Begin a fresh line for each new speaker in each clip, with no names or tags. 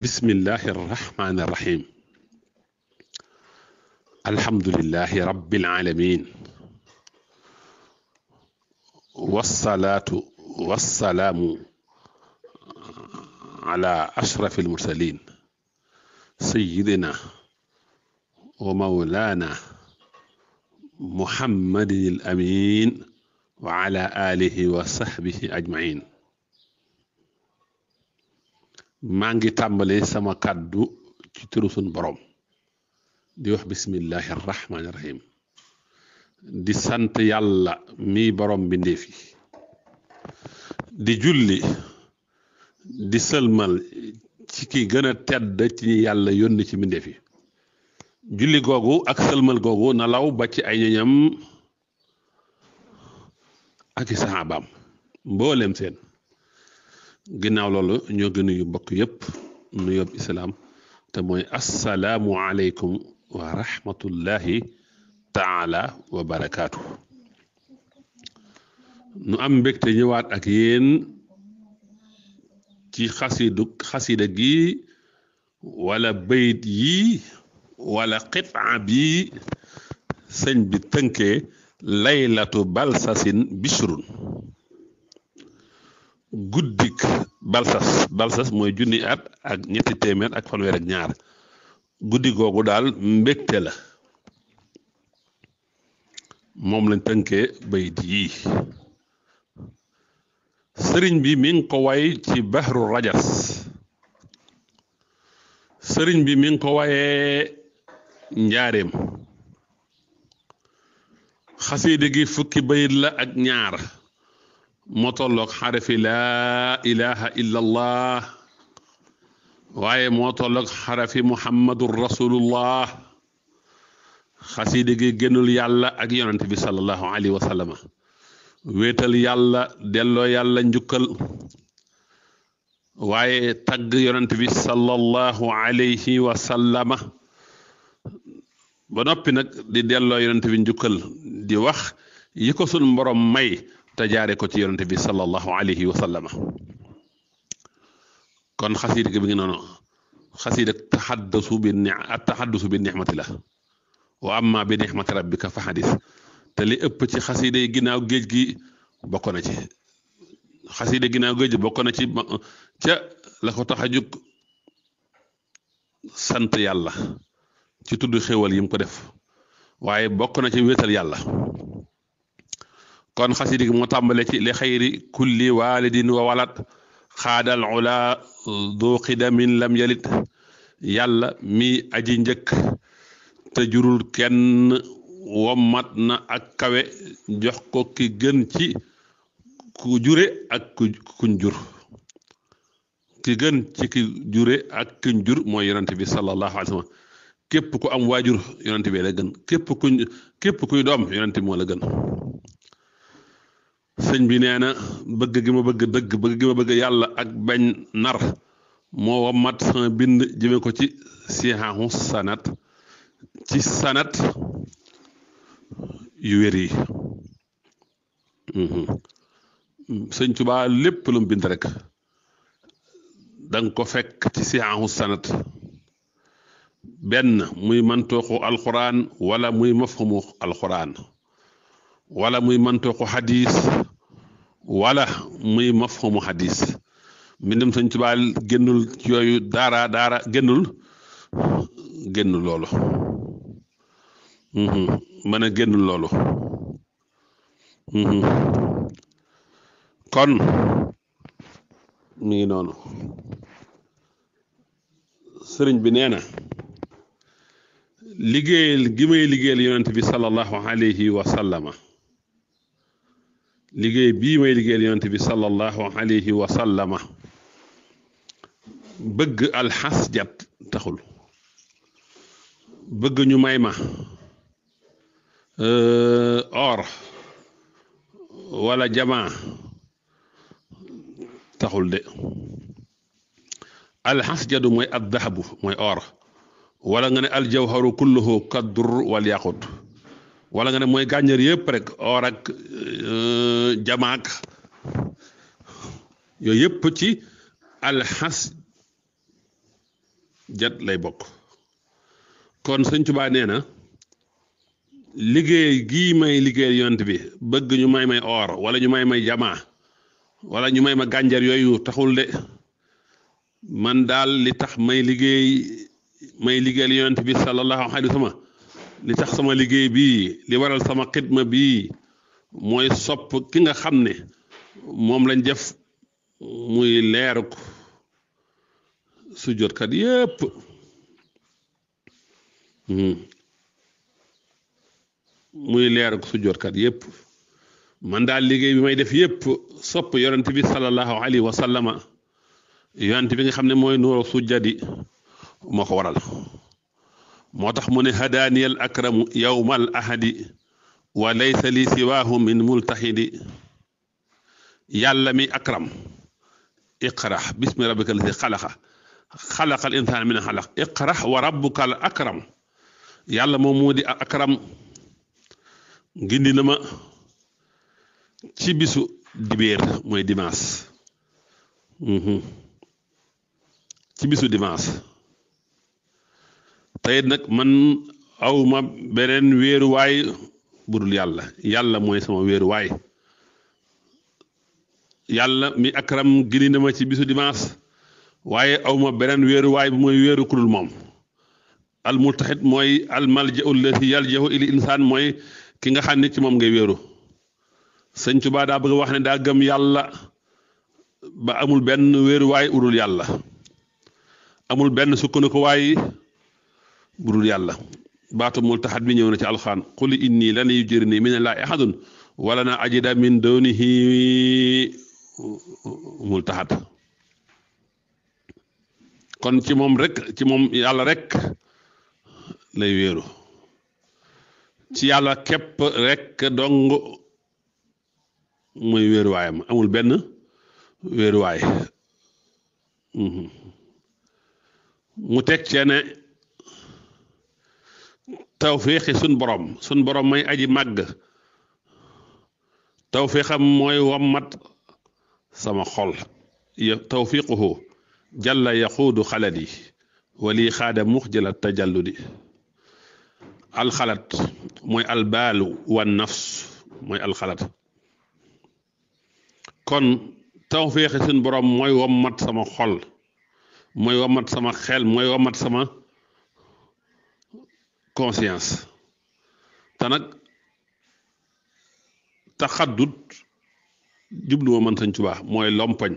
bismillahi irrahmani irrahim alhamdulilahi rabilalamin walsalaatu walsalaamu ala ashrafi almursalin sayidina wa maulana muhammadin alamin wa ala alihi wa sahbihi ajmain maa ngi tàmbalee sama kàddu ci turu sunu boroom di wax bismillahi rahmaani rahim di sant yàlla mii boroom bindéef yi di julli di sëlmal ci ki gën a tedd ci ñi yàlla yónn ci mbindéef yi julli googu ak sëlmal googu na ba ci ay ñoñam ak i saxaabaam mboolem seen ginnaaw loolu ñoo gën yu mbokk yépp nu yób islaam te mooy assalaamu aleykum wa rahmatullahi taala wa nu am mbégte ñëwaat ak yéen ci xasidu xasida gi wala bayit yi wala xitaa bi sëñ bi tënkee laylatu balsasin bishrun guddik balsas balsas mooy junni at ak ñetti téeméer ak fanweer ak ñaar guddi googu daal mbégte la moom lañ tënkee bayit yii sëriñ bi mi ko way ci baxru rajas sëriñ bi mi ko wayee njaareem xasiide gi fukki bayit la ak ñaar moo tolloog xarafi laa ilaha illa allah waaye moo tolloog xarafi muhammadun rasulullah xasida gi gënul yàlla ak yonent bi sallallahu alayhi wa sallam wéetal yàlla delloo yàlla njukkal waaye tagg yonent bi sallallahu alayhi wa ba noppi nag di delloo yonent bi njukkal di wax yi ko may te jaare ko ci yonent bi sallallahu alayhi wa sallama kon xasiida gi bi ngi noonu xasiida taxaddasu bi ne at taxaddasu bi nixmati la wa amma bi nixmati rabbika fa xadis te li ëpp ci xasiida yi ginnaaw géej gi bokk na ci xasiida ginnaaw géej gi bokk na ci ca la ko tax a jóg sant yàlla ci tudd xéwal yi mu ko def waaye bokk na ci wéetal yàlla kon xasida moo tàmbale ci li xayri kulli walidin wa walat xaadal ula du xidamin lam yàlla mi aji njëkk te jurul kenn wommat na ak kawe jox ko ki gën ci ku jure ak kuñ jur ki gën ci ki jure ak kuñ jur mooy yonent bi sallallahu alayhi wa sallam képp ku am waajur yonent bi la gën képp kuñ képp kuy doom yonent bi moo la gën sëñ bi nee na bëgg gi ma bëgg dëgg bëgg gi ma bëgg yàlla ak bañ nar moo wa mat sama bind jëme ko ci sixaahu sanat ci sanat yu wér yi mhm. sëñ Tuubaa lépp lu mu bind rek danga ko fekk ci sixaahu sanat benn muy mantooxu alxuraan walla muy mafhumu alxuraan wala muy mantuuqu xadis wala muy mafhumu xadis mbindum Sëñ Tuubaa génnul yooyu daara daara génnul génnul loolu mhm, mën a génnul loolu mhm. kon mu ngi noonu sëriñ bi nee na liggéeyal gi may liggéeyal yonent bi sallallahu alayhi wa liggéey bii may liggéeyal yonent bi sallallahu alayhi wa sallama bëgg alxasjat taxul bëgg ñu may ma euh, or wala jamaa taxul de alxasjadu mooy addahabu mooy or wala nga ne aljawharu kulluhu kaddur wal yaqut wala nga ne mooy gànjar yëpp rek or ak euh, jamaak yooyu yëpp ci alxas jat lay bokk kon sëñ Tuubaa nee na liggéey gii may liggéeyal yont bi bëgg ñu may may or wala ñu may may jamaa walla ñu may ma gànjar yooyu taxul de man daal li tax may liggéey may liggéeyal yont bi sallallahu alayhi wa sallam li tax sama liggéey bi li waral sama xidma bi mooy sopp ki nga xam ne moom lañ def muy leeruk sujjóotkat yépp hmm. muy leeruk sujjóotkat yépp man daal liggéey bi may def yépp sopp yonent bi sallallahu alayhi wa sallama yonent bi nga xam ne mooy nuuru sujjadi moo ko waral moo tax mu ne hadaaniyal akramu yowmal ahadi wa laysa li siwaahu min multaxidi yàlla mi akram iqra bismi rabbika alladi xalaqa xalaqal insaan min xalaq iqra wa rabbuka al akram yàlla moom moo di akram gindi ma ci bisu dibéer mooy dimanche mhm. ci bisu dimanche tey nag man aw ma beneen weeruwaay bu dul yàlla yàlla mooy sama weeruwaay yàlla mi akram gindi na ma ci bisu dimanche waaye aw ma beneen weeruwaay bu mooy weeru ku dul moom al multaxit mooy al maljau allati yaljahu ili insaan mooy ki nga xam ne ci moom ngay wéeru sëñ Tuubaa daa bëgg wax ne daa gëm yàlla ba amul benn weeruwaay udul yàlla amul benn sukkandiku budul yàlla baatu multaxat bi ñëw na ci alxaan qul inni lan yujirni min allaahi ahadun wala na ajida min dunihi multaxat kon ci moom rek ci moom yàlla rek lay wéeru ci yàlla képp rek dong mooy wéeruwaayam amul benn wéeruwaay mhm. mu teg ceene tawféexi sun borom sun borom mooy aji màgg tawféexam mooy wammat sama xol tawfiquhu jalla yaxuudu xaladi wali xaada muxjala tajalludi alxalat mooy albaalu wan nafs mooy alxalat kon tawféexi sun borom mooy wammat sama xol mooy wammat sama xel mooy wammat sama conscience te nag taxaddut jubluwoo man Sëñ Tuubaa mooy lompañ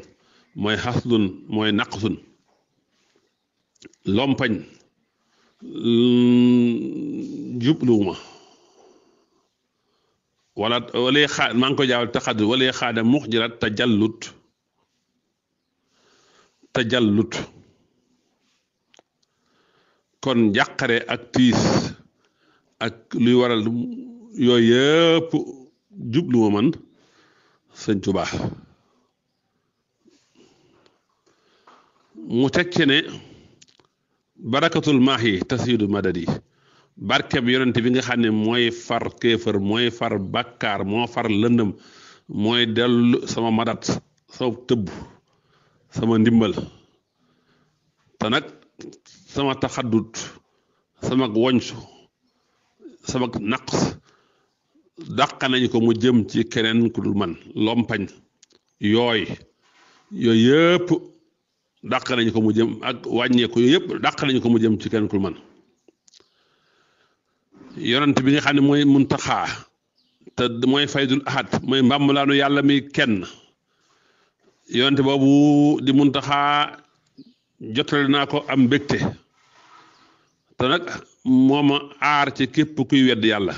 mooy xaslun mooy naqsun lompañ mm, jubluwuma wala wala xaa maa ngi koy jaawal taxaddut wala xaada muxjirat tajallut tajallut kon jàqare ak tiis ak luy waral yooyu yëpp jublu ma man sëñ Tuubaa mu teg ci ne barakatul maax yi tasiidu madad yi barkeb yonent bi nga xam ne mooy far kéefër mooy far bàkkaar moo far lëndëm mooy dellu sama madat sama tëbb sama ndimbal te nag sama taxaddut sama woñsu sama naqs dàq nañ ko mu jëm ci keneen ku dul man lompañ yooy yooyu yëpp dàq nañ ko mu jëm ak wàññeeku yooyu yëpp dàq nañ ko mu jëm ci keneen ku man yonent bi nga xam ne mooy muntaxaa te mooy faydul ahad mooy mbàmmlaanu yàlla mi kenn yonent boobu di muntaxaa jotale naa ko am mbégte te nag moom ma aar ci képp kuy wedd yàlla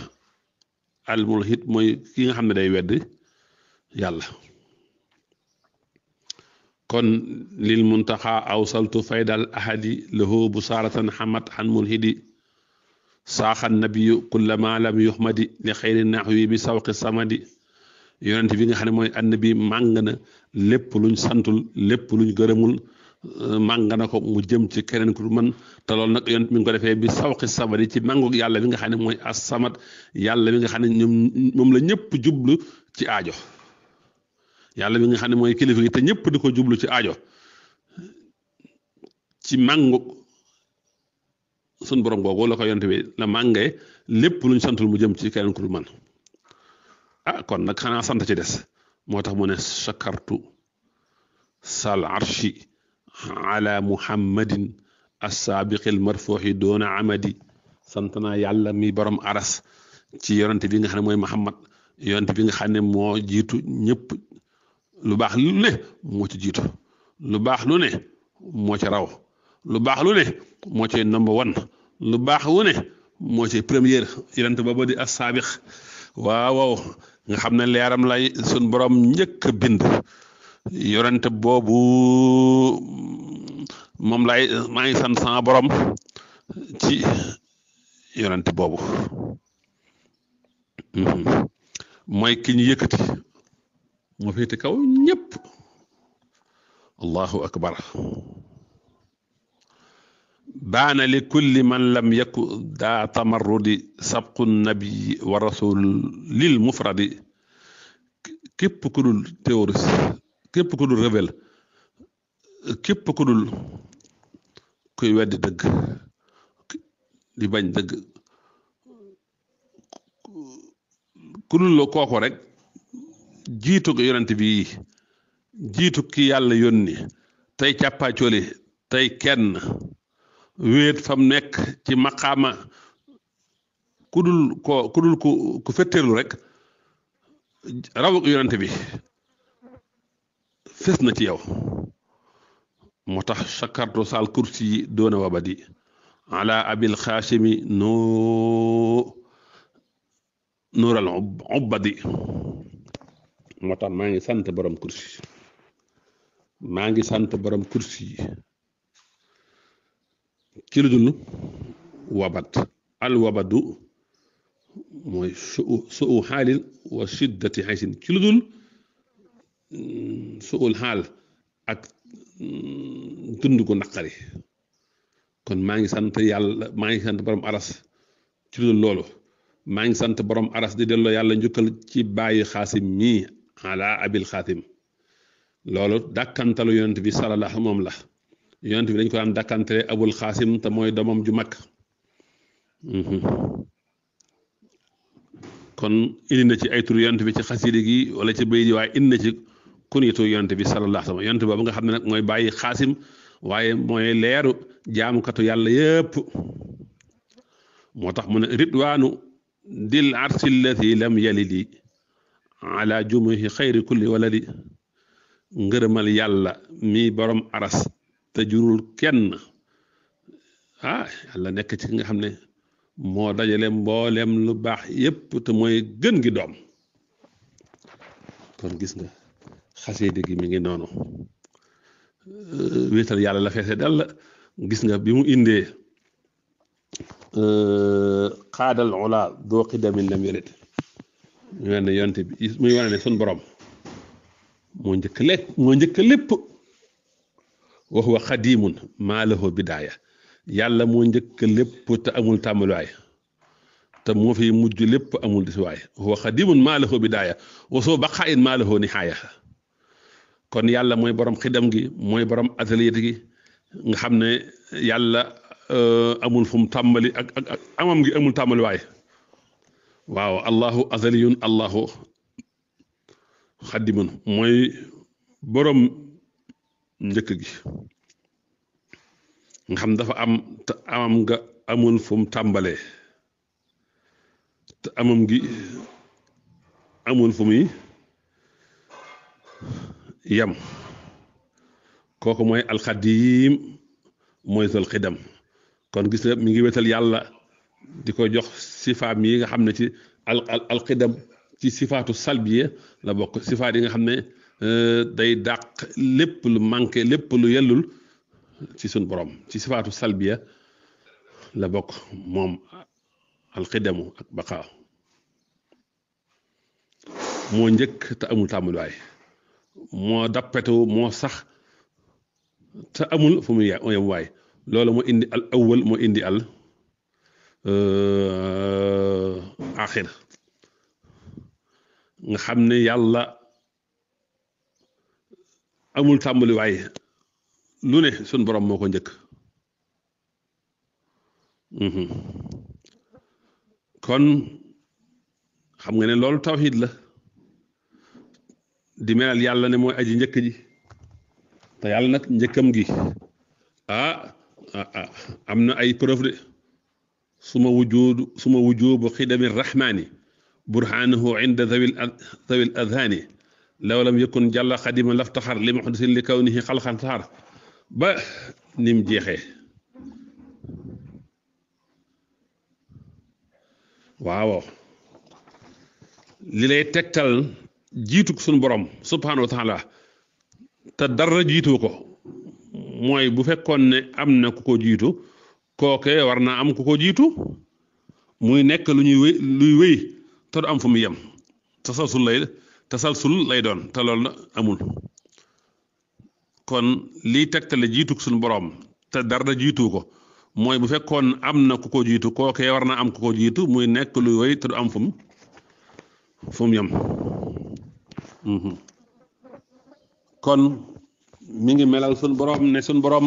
al mulhid mooy ki nga xam ne day wedd yàlla kon lil muntaxa awsaltu faydal ahadi lahu busaaratan xamat an mulhidi saaxan nabiyu kullama lam yuxmadi li xeyri naxwi bi sawqi samadi yonent bi nga xam ne mooy annabi màng na lépp luñ santul lépp luñ gërëmul mànga na ko mu jëm ci keneen ku man te loolu nag yonent mi ngi ko defee bi sawqi sabari ci màngoog yàlla bi nga xam ne mooy asamat yàlla bi nga xam ne ñoom moom la ñëpp jublu ci aajo yàlla bi nga xam ne mooy kilifa te ñëpp di ko jublu ci ajo ci màngoog suñ borom googu la ko yonent bi la màngee lépp luñ santul mu jëm ci keneen ku man ah kon nag xanaa sant ci des moo tax mu ne shakartu sal arshi ala muhammadin assaabiqil marfuuxi doona amadi sant naa yàlla mi borom aras ci yonent bi nga xam ne mooy muhammad yonent bi nga xam ne moo jiitu ñëpp lu baax lu ne moo ci jiitu lu baax lu ne moo ci raw lu baax lu ne moo ci number one lu baax wu ne moo ci première yonent booba di assaabiq waaw waaw nga xam ne leeram lay sun borom njëkk a bind yonent boobu moom laay maa ngi sant sama borom ci yonent boobu mhm. mooy ki ñu yëkkati moo féete kaw ñépp allahu akbar baana li kulli man lam yaku daa tamarrudi sabqu nabii wa rasul lil mufradi képp ku dul terroriste képp ku dul rebelle kuy weddi dëgg di bañ dëgg ku la kooku rekk jiitu yonent bi jiitu ki yàlla yónni tey càppaacooli tey kenn wéet fam nekk ci maqaama ku dul ko ku ku ku fetteerlu rek rawu bi fes na ci yow moo tax sakartu sal kursi yi doona wabadi ala abil xaasimi no nuural ubbadi moo tax maa ngi sant borom kursi maa ngi sant borom kursi yi ci lu dul wabat al wabadu mooy suu suu xaalin wa shiddati xaysin ci lu dul mm, suul xaal ak dund gu naqari kon maa ngi sant yàlla maa ngi sant borom aras ci loolu maa ngi sant borom aras di delloo yàlla njukkal ci bàyyi xaasim mii ala abil xaasim loolu dàkkantalu yonent bi sallallahu moom la yonent bi dañ ko daan dàkkantale abul xaasim te mooy doomam ju mag mhm. kon indi na ci ay yonent bi ci xasida gi wala ci bay waaye indi na ci kunyatu yonent bi sallallahu alayhi wa sallam yonent boobu nga xam ne nag mooy bàyyi xaasim waaye mooy leeru jaamukatu yàlla yëpp moo tax mu ne ridwaanu dil arsi allati lam yalidi ala jumuhi xayri kulli waladi ngërëmal yàlla mii borom aras te jurul kenn ah yàlla nekk ci nga xam ne moo dajale mboolem lu baax yépp te mooy gën gi doom kon gis nga xasee dëgg mi ngi noonu wéetal yàlla la feese dal gis nga bi mu indee euh, xaadal ola doo xidamin lam yërit mu wane ne yonte sun borom moo njëkk njëkk lépp wax wa xadimun maa lahu bidaaya yàlla moo njëkk lépp te amul tàmbaluwaay te moo fi mujj lépp amul disuwaay wax wa xadimun maa lahu bidaaya wasoo baqaayin maa lahu nihaaya kon yàlla mooy borom xidam gi mooy borom ataliyat gi nga xam ne yàlla euh, amul fu tàmbali ak ak gi amul tàmbali waay waaw allahu azaliyun allahu xaddimun mooy borom njëkk gi nga xam dafa am te amam nga amul fu mu tàmbalee te amul fu yam kooku mooy alxadiim mooy sol kon gis nga mi ngi wetal yàlla di ko jox sifaat yi nga xam ne ci al ci sifaatu salbiya la bokk sifaat yi nga xam ne euh, day dàq lépp lu manqué lépp lu yellul ci suñ boroom ci sifaatu salbiya la bokk moom alxidamu ak baqaaw moo njëkk te amul tàmbaluwaay moo dappetu moo sax te amul fu muy yem waay loolu moo indi al awwal moo indi al euh, axir nga xam ne yàlla amul tàmbali waay lu ne suñ borom moo ko njëkk mhm. kon xam nga ne loolu tawxiid la di melal yàlla ne mooy aji njëkk ji te yàlla nag njëkkam gi ah, ah, ah am na ay preuve de suma wujudu suma wujubu xidami rahmaani burhaanahu inda zawil zawil adhaani law lam yakun jàlla xadima laftaxar li muxdisin li kawnihi xalqan saxar ba nim jeexee waaw li lay tegtal jiitu suñu borom subhaanahu wa taala te dara jiitu ko mooy bu fekkoon ne am na ku ko jiitu kooke war naa am ku ko jiitu muy nekk lu ñuy wéy luy am fu mu yem tasalsul lay tasalsul lay doon te loolu amul kon liy tegtale jiitu suñu borom te dara jiitu ko mooy bu fekkoon am na ku ko jiitu kookee war naa am ku ko jiitu muy nekk luy wéy te du am fu mu yem. Mhm. kon mi ngi melal suñ borom ne sun borom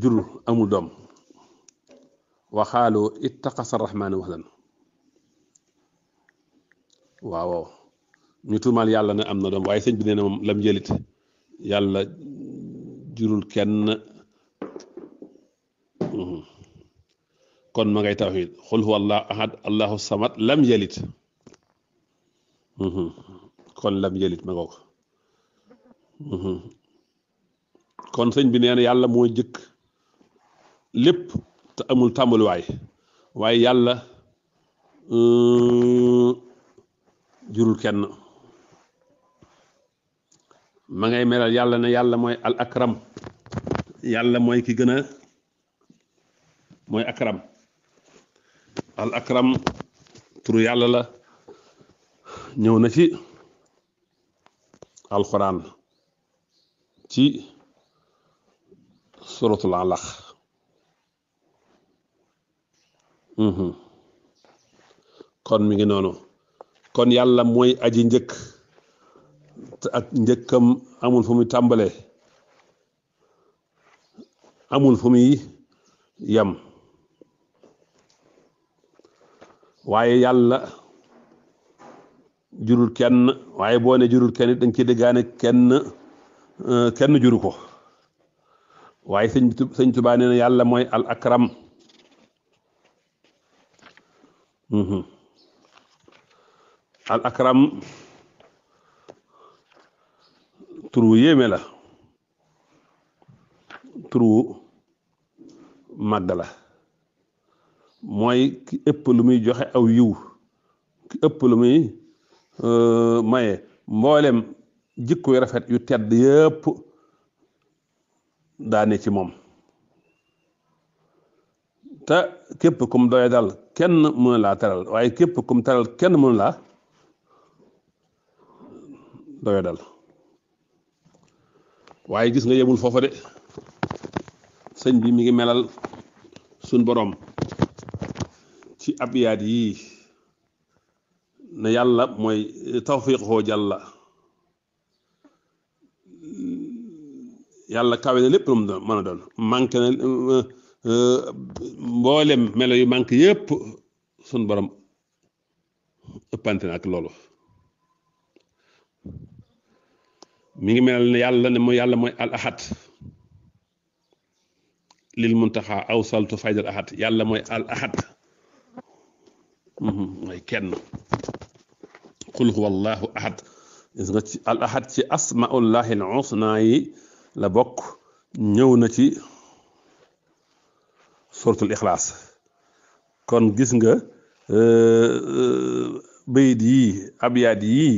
jur amul doom waxaalu ittaxasa rahmaani wahdan waaw waaw ñu tuumaal yàlla na am na doom waaye sëñ bi nee na moom lam jëlit yàlla jurul kenn mhm. kon ma ngay tawxiid xul huwa allahu ahad allahu samad lam yëlit Mm-hmm. kon lam yelit ma nga mm-hmm. kon sëñ bi nee yàlla moo jëkk lépp te amul tàmbaluwaay waaye yàlla mm, jurul kenn ma ngay melal yàlla na yàlla mooy al akram yàlla mooy ki gën a mooy akram al akram turu yàlla la ñëw na ci alxuraan ci suratul alaq mhm. kon mi ngi noonu kon yàlla mooy aji njëkk te njëkkam amul fu muy tàmbale amul fu muy yam waaye yàlla jurul kenn waaye boo ne jurul kenn it dañ ci dëggaane kenn euh, kenn juru ko waaye sëñ sëñ Tuubaa na yàlla mooy al akram mhm. al akram tur wu yéeme la tur wu la mooy ki ëpp lu muy joxe aw yiw ki ëpp lu muy Euh, maye mboolem jikko yu rafet yu tedd yëpp daane ci moom te képp kum doy dal kenn mënu laa taral waaye képp kum teral kenn mënu laa doy dal waaye gis nga yemul foofa de sëñ bi mi ngi melal suñ boroom ci abyaat yii ne yàlla mooy eh, tawfiqoo jàlla yàlla kawe na lépp lu mu mën a doon manqué na eh, mboolem melo yu manqué yëpp sun borom ëppante na ak loolu mu ngi mel ne yàlla ne mooy yàlla mooy al ahad lil muntaxa awsaltu faydal ahad yàlla mooy al ahad mhm, mooy kenn qul huwa allahu ahad gis nga ci al ahad ci asmaullahi al husna yi la bokk ñëw na ci suratul ixlaas kon gis nga euh, euh, bayit yii abyaat yii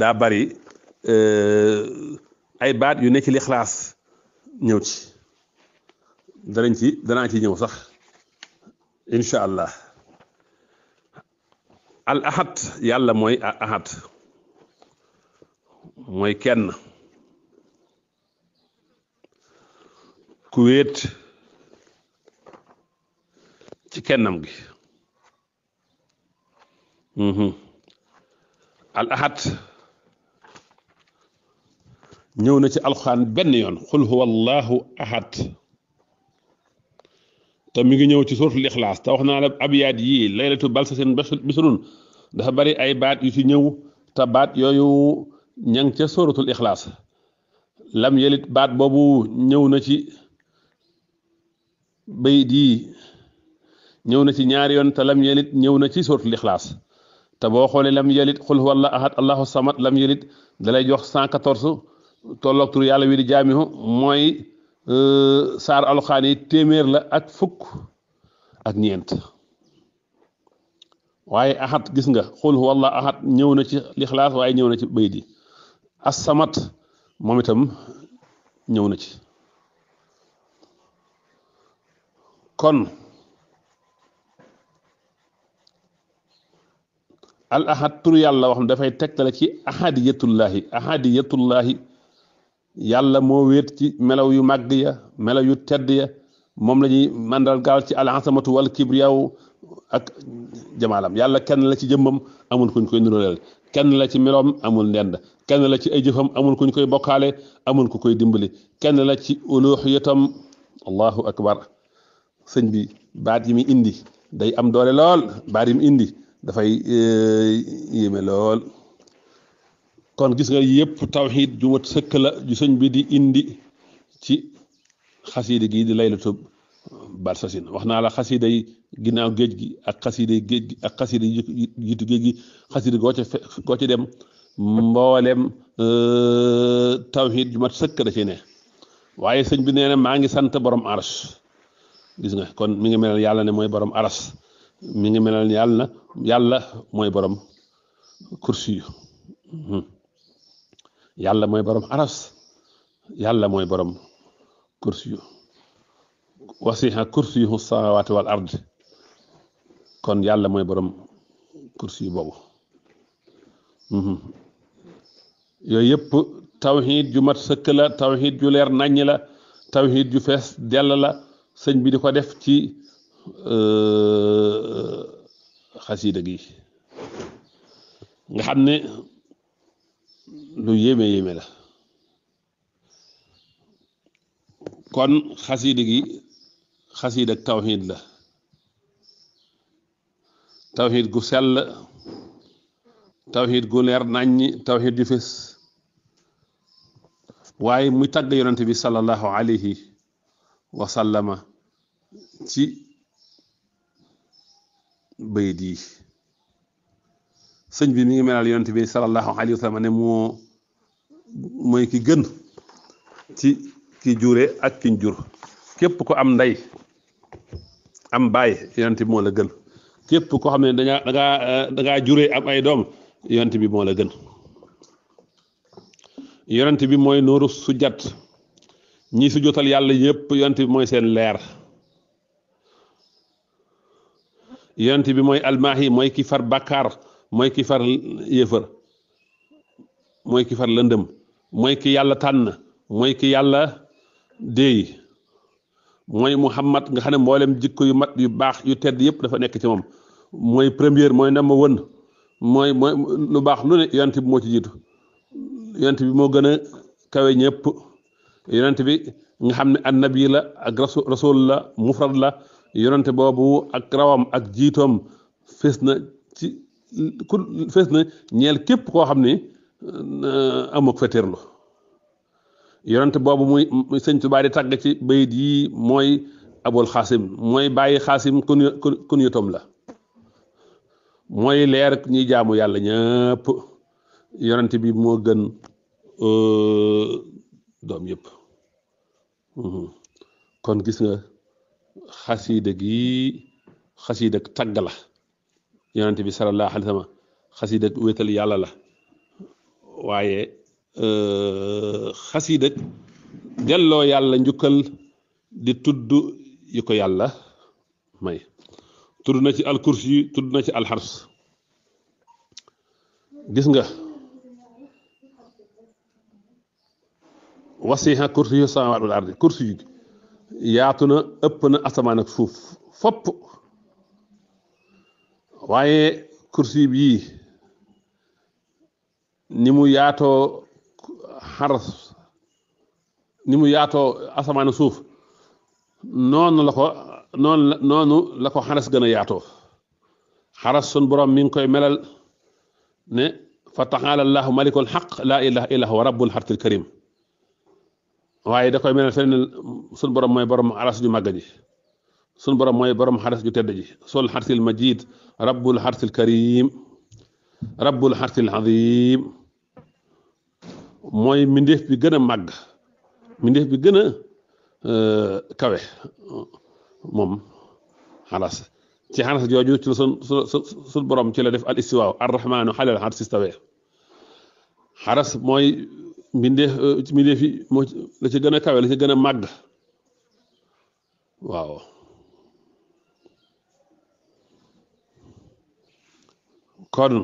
daa bari euh, ay baat yu nekk li xalaas ñëw ci danañ ci danaa ci ñëw sax incha allah al ahad yàlla mooy ahad mooy kenn ku wéet ci kennam gi mhm. al ahad ñëw na ci alxuraan benn yoon xul huwa allahu ahad te mi ngi ñëw ci suratul ixlaas te wax naa la abyaat yii laylatu bal sa seen bisrun dafa bari ay baat yu ci ñëw te baat yooyu ña ngi ca suratul ixlaas lam yelit baat boobu ñëw na ci bayit yii ñëw na ci ñaari yoon te lam yelit ñëw na ci suratul ixlaas te boo xoolee lam yelit xul huwalla ahad allahu samad lam yelit dalay jox 114 tolloog tur yàlla wi di jaamihu mooy Euh, saar alxaan yi téeméer la ak fukk ak ñeent waaye axat gis nga xul walla axat ñëw na ci lixlaas waaye ñëw na ci bay di asamat moom itam ñëw na ci kon al axat tur yàlla wax na dafay tegtale ci axadiyatullaahi axadiyatullaahi yàlla moo wéet ci melow yu màgg ya melaw yu tedd ya moom la ñuy màndargaal ci alxasamatu wal kibriyaw ak jamaalam yàlla kenn la ci jëmmam amul kuñ koy nuróoleel kenn la ci meloom amul ndend kenn la ci ay amul kuñ koy bokkaale amul ku koy dimbali kenn la ci uluhiyatam allahu akbar sëñ bi baat yi mu indi day am doole lool baat yi mu indi dafay eh, yéeme lool kon gis nga yëpp tawxiid ju mat sëkk la ju sëñ bi di indi ci xasiida gi di laylatu barsasin wax naa la xasiida yi ginnaaw géej gi ak xasiida géej gi ak xasiida yi jiitu géej gi xasiida goo ca goo ci dem mboolem euh, tawxiid ju mat sëkk da ci ne waaye sëñ bi nee na maa ngi sant borom aras gis nga kon mi ngi melal yàlla ne mooy borom aras mi ngi melal yàlla yàlla mooy borom kursi yàlla mooy borom aras yàlla mooy borom kursi yu wasiha kursi yu samawaati wal ard kon yàlla mooy borom kursi yu boobu mhm. yooyu yëpp tawxiid ju mat sëkk la tawxiid yu leer naññ la tawxiid yu fees dell la sëñ bi di ko def ci euh, xasiida gi nga xam ne lu yéeme yéeme la kon xasiida gi xasiida ak tawxiid la tawxiid gu sell tawxiid gu leer nàññi tawxiid ju fés waaye muy tàgg yonent bi sallallahu alayhi wa ci bayit yi sëñ bi mi ngi melal yonent bi sallallahu alayhi wa sallam ne moo mooy ki gën ci ki jure ak kiñ jur képp ko am ndey am baay yonent bi moo la gën képp ko xam ne dañaa dangaa dangaa jure am ay doom bi moo la gën bi mooy nooru sujjat ñi su jotal yàlla yëpp yonent bi mooy seen leer yonent bi mooy almaahi mooy ki far bàkkaar mooy kii far yéefar mooy ki far lëndëm mooy kii yàlla tànn mooy kii yàlla déey mooy Muhammad nga xam ne mboolem jikko yu mat yu baax yu tedd yëpp dafa nekk ci moom mooy première mooy number one mooy mooy lu baax lu ne yonent bi moo ci jiitu yonent bi moo gën a kawe ñëpp yonent bi nga xam ne annabi la ak rasul la mufrad la yonent boobu ak rawam ak jiitoom fes na ku fees na ñeel képp koo xam ne euh, amuk feteerlu yonent boobu muy sëñ Tuubaa di tàgg ci bayit yii mooy abul xaasim mooy bàyyi xaasim kun kun la mooy leer ñi jaamu yàlla ñëpp yonent bi moo gën euh, doom yëpp mm-hmm. kon gis nga xasiida gi xasiida tàgg la yonent bi sallallahu alayhi wa sallam xasida wéetal yàlla la waaye euh, xasida delloo yàlla njukkal di tudd yi ko yàlla may tudd na ci alkursi yi tudd na ci alxars gis nga wasiha kursi yu samaawaat wal ardi kursi yi yaatu na ëpp na asamaan ak suuf fopp waaye kursi bii ni mu yaatoo xaras ni mu yaatoo asamaan suuf noonu la ko noonu noonu la ko xaras gën a yaatoo xaras sun borom mi ngi koy melal ne fa taxaala allahu malikul xaq la ilaha illa huwa rabbul xartil karim waaye da koy melal feneen sun borom mooy borom aras ju màgg ji sunu borom mooy borom xares ju tedd ji sol xarsil majid rabbul xarsil karim rabbul xarsil azim bi gën a màgg mbindeef bi gën a euh, kawe moom xalas ci xaras sun sun borom ci la def al istiwaaw arrahmaanu xalal xars istawe xaras mooy mbindeef euh, mbindeef yi moo la ci gën a kawe la ci gën a màgg waaw kon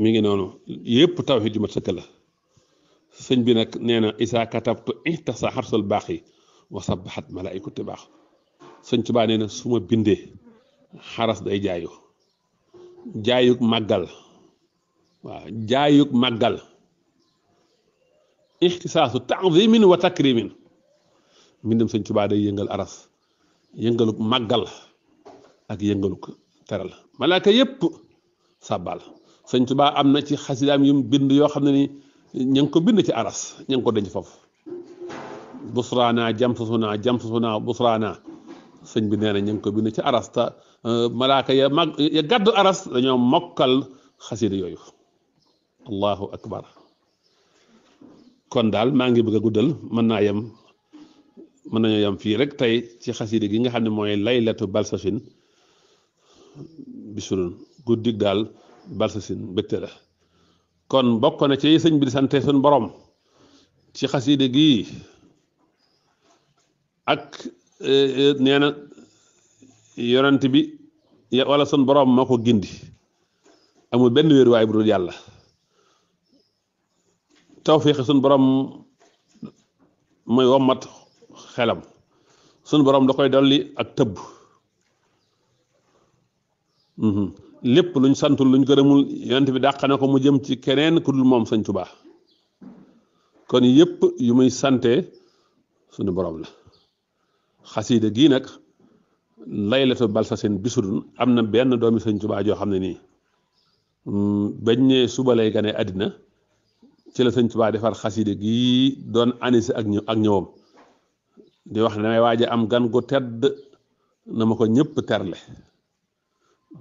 mi ngi noonu yépp taw ju mat sëkk sëñ bi nag nee na isaa katabtu ihtasa xarsal baax yi wa sabaxat malaayikatu baax sëñ Tuubaa nee na su ma bindee xaras day jaayu jaayug màggal waaw jaayug màggal ixtisaasu tanzimin wa takrimin mbindam sëñ Tuubaa day yëngal aras yëngalug màggal ak yëngalug teral malaaka yépp sàbbaal sëñ Tuubaa am na ci xasidaam yum bind yoo xam ne ni ña ko bind ci aras ña ngi ko denc foofu busraana jamsusuna jamsusuna busraana sëñ bi nee na ña ngi ko bind ci aras te euh, malaaka ya gàddu aras dañoo mokkal xasida yooyu allahu akbar kon daal maa ngi bëgg a guddal mën naa yem mën nañoo yem fii rek tey ci xasida gi nga xam ne mooy laylatu balsachin bisurun guddig daal balsasin mbégte la kon bokk na ci sëñ bi di sante suñ borom ci xaside gii ak eh, eh, nee na yonent bi wala sun borom moo ko gindi amul benn wéeruwaay bu dul yàlla tawfiix sun borom mooy wommat xelam sun borom da koy dolli ak tëbb Mhm. lépp luñ santul luñ gërëmul yant bi dàq na ko mu jëm ci keneen ku dul moom sëñ Tuubaa kon yépp yu muy sante suñu borom la xasiida gii nag laylatu balsasin bisudun am na benn doomi sëñ Tuubaa joo xam ne nii mm, bañ ne suba lay gane àddina ci la sëñ Tuubaa defar xasiida gii doon anis ak ñëw ak ñëwam di wax ne damay waaj a am gan gu tedd na ma ko ñëpp terle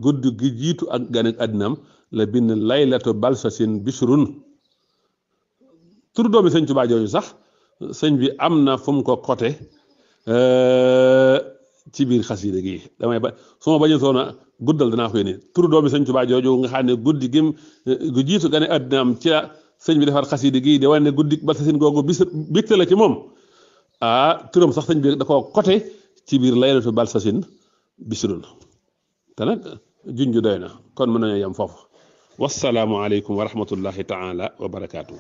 gudd gi jiitu ak gan ak àddinaam la bind laylatu balsasin bishrun tur doomi sëñ Tuubaa jooju sax sëñ bi am na fu mu ko xote euh, ci biir xasida gi damay ba su ma bañu soona guddal danaa koy ni tur doomi sëñ Tuubaa jooju nga xam ne guddi gim gu jiitu gane ak ci la sëñ bi defar xasida gi di wane ne guddi balsasin googu bis bégte la ci moom ah sax sëñ bi da koo xote ci biir laylatu balsasin bishrun te nag junju doy na kon mën nañoo yem foofu wassalaamu aleykum wa rahmatullahi taala wa barakaatu.